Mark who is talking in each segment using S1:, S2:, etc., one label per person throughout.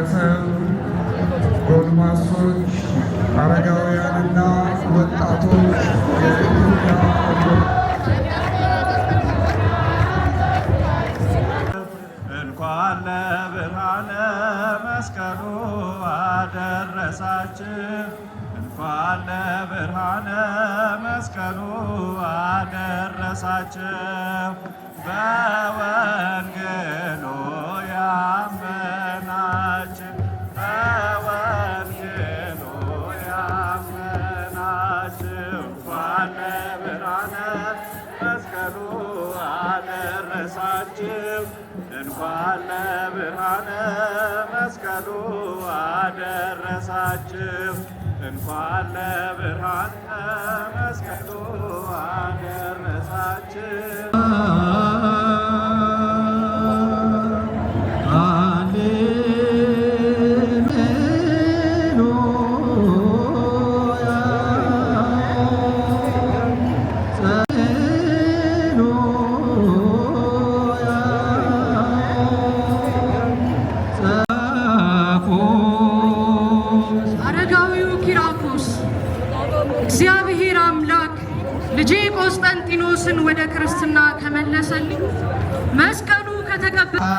S1: ማህበረሰብ ጎልማሶች፣ አረጋውያንና ወጣቶች እንኳን ለብርሃነ መስቀሉ አደረሳችሁ። እንኳን ለብርሃነ መስቀሉ አደረሳችሁ በወንጌሉ ያመ አደረሳችሁ እንኳን ለብርሃነ መስቀሉ አደረሳችሁ እንኳን ለብርሃነ መስቀሉ አደረሳችሁ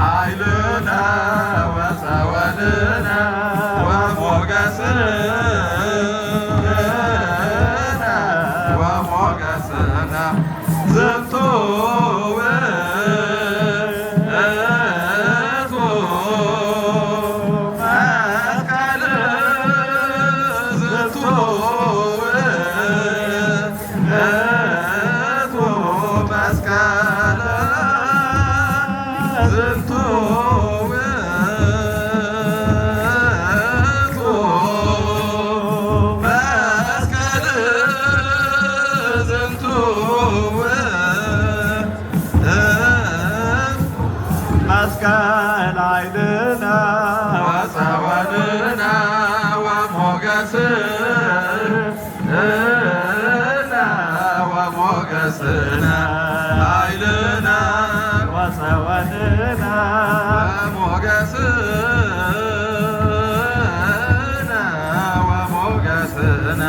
S1: ኃይልና ወጸወልና ወሞገስና ወሞገስና ዝንቱ መስቀል ዝንቱ መስቀል ኃይልነ ወጸወንነ ወሞገስነ ወሞገስነ ኃይልነ ወጸወንነ ወሞገስነ ወሞገስነ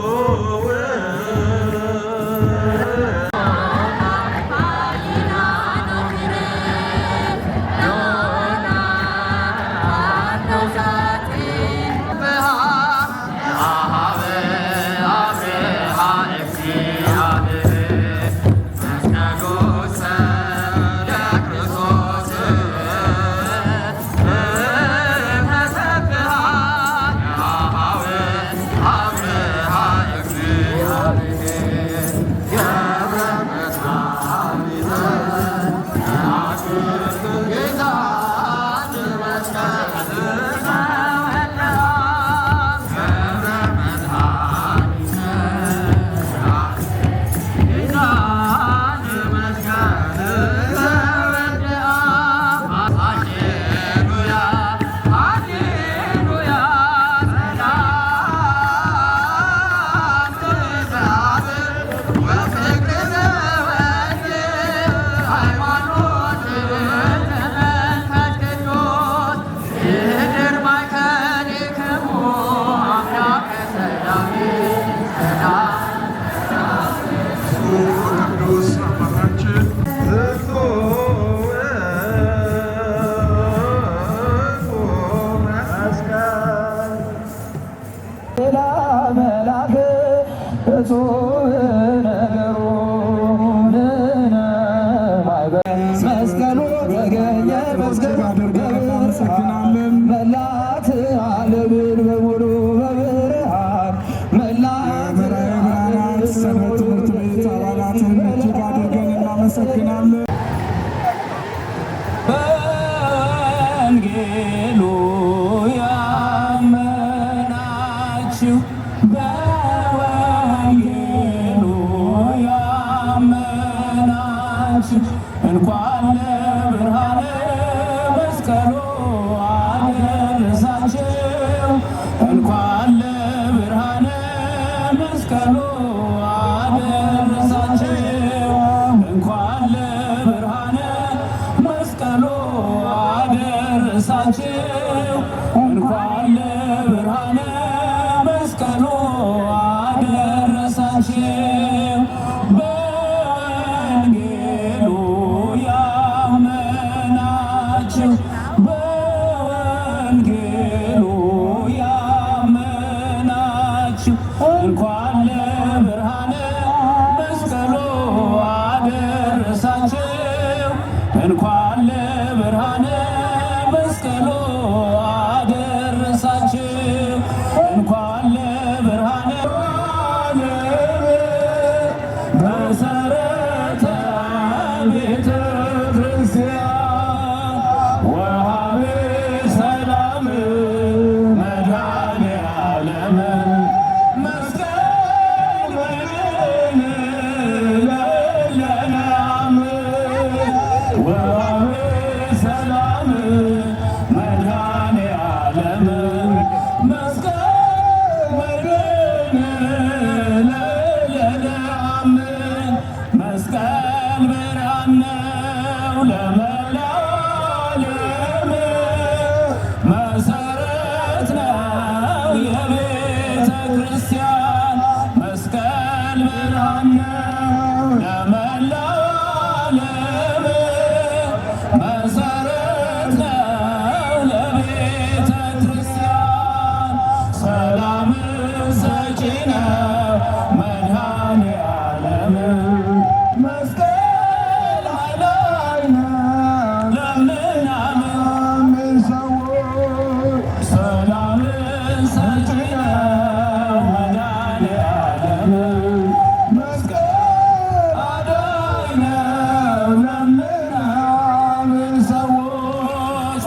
S1: oh, ትምህርት ቤት አባላትን እጅግ አድርገን እናመሰግናለን።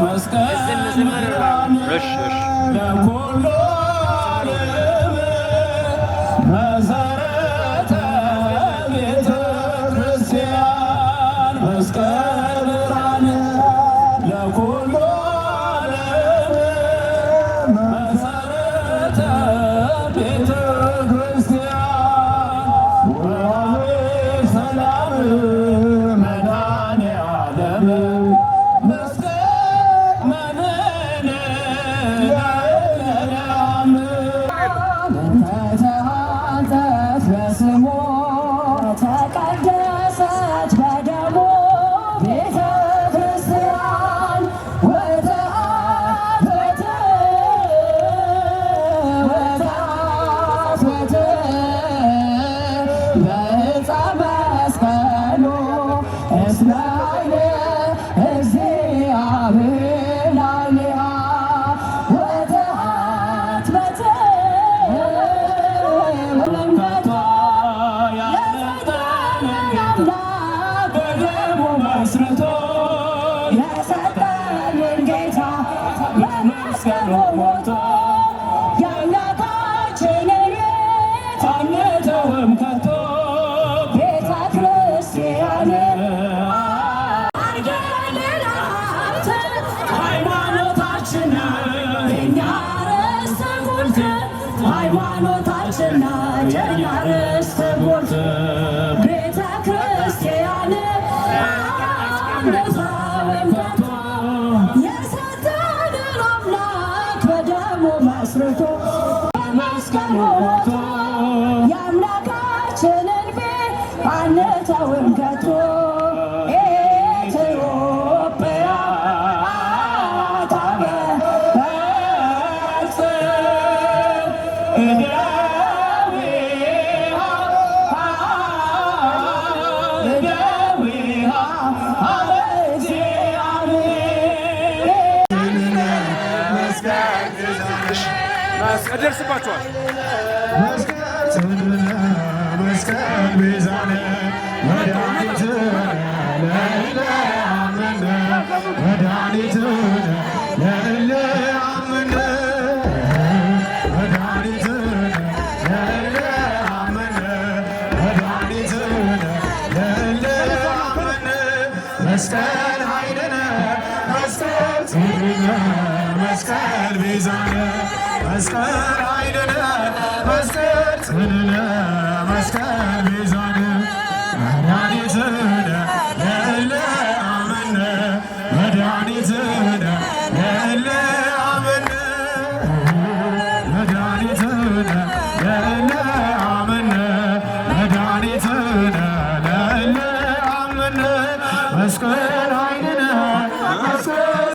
S1: መስቀል すると話すかもと
S2: እደርስባችኋል።
S1: መድኃኒት